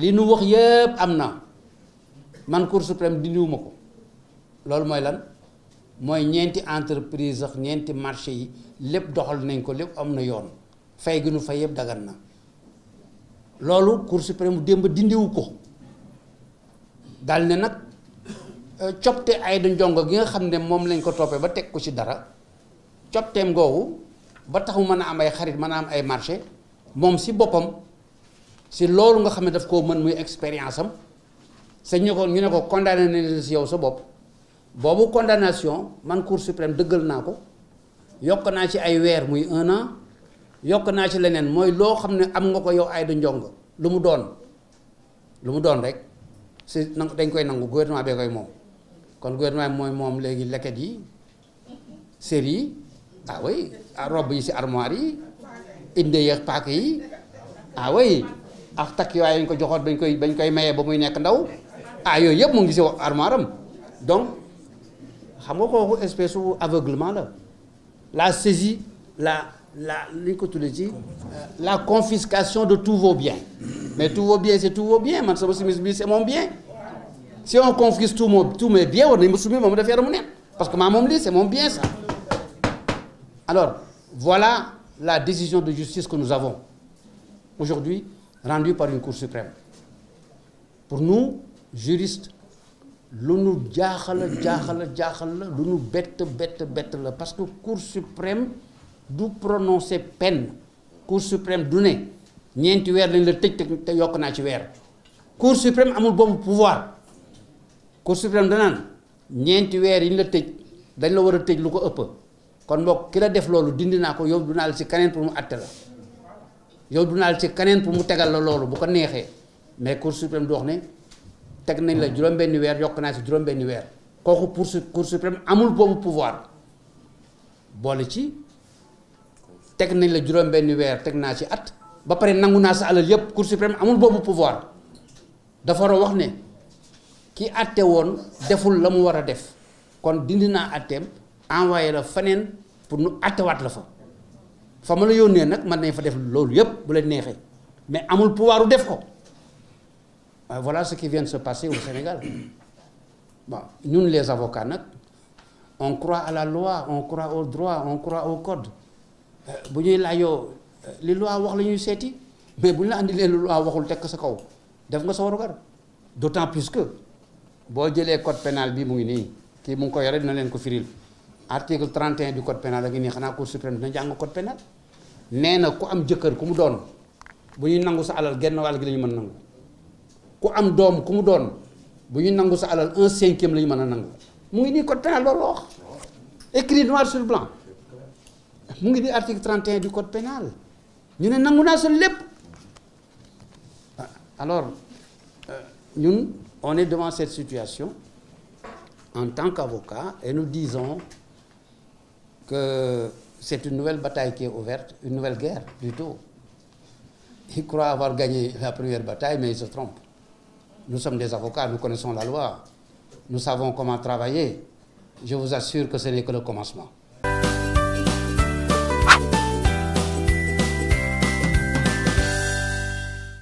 li nu wax yëpp am na man cour suprême dindiwuma ko loolu mooy lan mooy ñeenti entreprise sax ñeenti marché yi lépp doxal nañ ko lépp am na yoon fay gi nu fay yëpp dagan na loolu cour suprême démb dindiwu ko dal ne nag euh, copte Aïda Ndiongo gi nga xam ne moom lañ ko toppee ba teg ko ci dara copteem googu ba taxu mu mën a am ay xarit mën a am ay marché moom si boppam si loolu nga xam ne daf koo mën muy expérience am sa ñu ko ñu ne ko condamné nañ si yow sa bopp boobu condamnation man cour suprême dëggal naa ko yokk naa ci ay weer muy un an yokk naa ci leneen mooy loo xam ne am nga ko yow ay du njong lu mu doon lu mu doon rek si dañ koy nangu gouvernement bee koy moom kon gouvernement bi mooy moom léegi leket yi série yi ah oui ah, yi si armoir yi inde yeex paak yi ah ak takk waaye ñu ko joxoon bañ koy bañ koy mayee ba muy nekk ndaw ah yooyu yëpp mu ngi si armoire am donc xam nga kooku espèce u aveuglement la la saisie la la li ñu ko tuddee ci euh, la confiscation de tous vos bien mais tous vos biens c'est tous vos biens man sama simis bi c'est mon bien si on confisque tout mon tous mes war nañ ma sumi ma mu def yaramu neen parce que maa moom lii c'est mon bien ça alors voilà la décision de justice que nous avons aujourd'hui rendu par une Cour suprême pour nous jurist lu nu jaaxal la jaaxal la jaaxal la lu nu bett bett bett la parce que Cour suprême du prononcer peine Cour suprême du ne ñeenti weer lañ la tëj te yokk naa ci weer Cour suprême amul boobu pouvoir Cour suprême danaan ñeenti weer yi ñu la tëj dañ la war a tëj lu ko ëpp kon boog ki la def loolu dindi naa ko yow du naa la si kaneen pour mu àtte la yow du dunaal ci keneen pour mu tegal la loolu bu ko neexee mais cour suprême du wax ne teg nañ la juróom-benni weer yokk naa si juróom-benni weer kooku pour cour amul boobu pouvoir boole ci teg nañ la juróom-benni weer teg naa si at ba pare nangu naa si alal yépp cour suprême amul boobu pouvoir dafa war a wax ne ki àtte woon deful la mu war a def kon dindi naa àtteem envoyé la feneen pour nu àttewaat la fa fa ma la yónnee nag mën nañ fa def loolu yëpp bu leen neexee mais amul pouvoir def ko voilà ce qui vient de se passer au Sénégal bon ñun les avocats nag on croit à la loi on croit au droit on croit au code euh, bu ñuy laajoo euh, li loi wax la ñuy seeti mais bu ñu la andi leen lu loi waxul teg sa kaw def nga sa warugar d'autant plus que boo jëlee code pénal bi mu ngi nii kii mu ngi ko yore dina leen ko firil article 31 du code pénal la ngi nii xanaa cour suprême dina jàng code pénal nee na ku am jëkkër ku mu doon bu ñuy nangu sa alal genn wàll gi la ñu mën nangu ku am doom ku mu doon bu ñuy nangu sa alal un cinquième la ñu mën a nangu mu ngi nii code pénal loolu wax écrit noir sur blanc mu ngi di article 31 du code pénal ñu ne nangu naa sa lépp ah, alors euh, ñun on est devant cette situation en tant qu'avocat et nous disons que c'est une nouvelle bataille qui est ouverte, une nouvelle guerre plutôt. Ils croient avoir gagné la première bataille, mais ils se trompent. Nous sommes des avocats, nous connaissons la loi, nous savons comment travailler. Je vous assure que ce n'est que le commencement.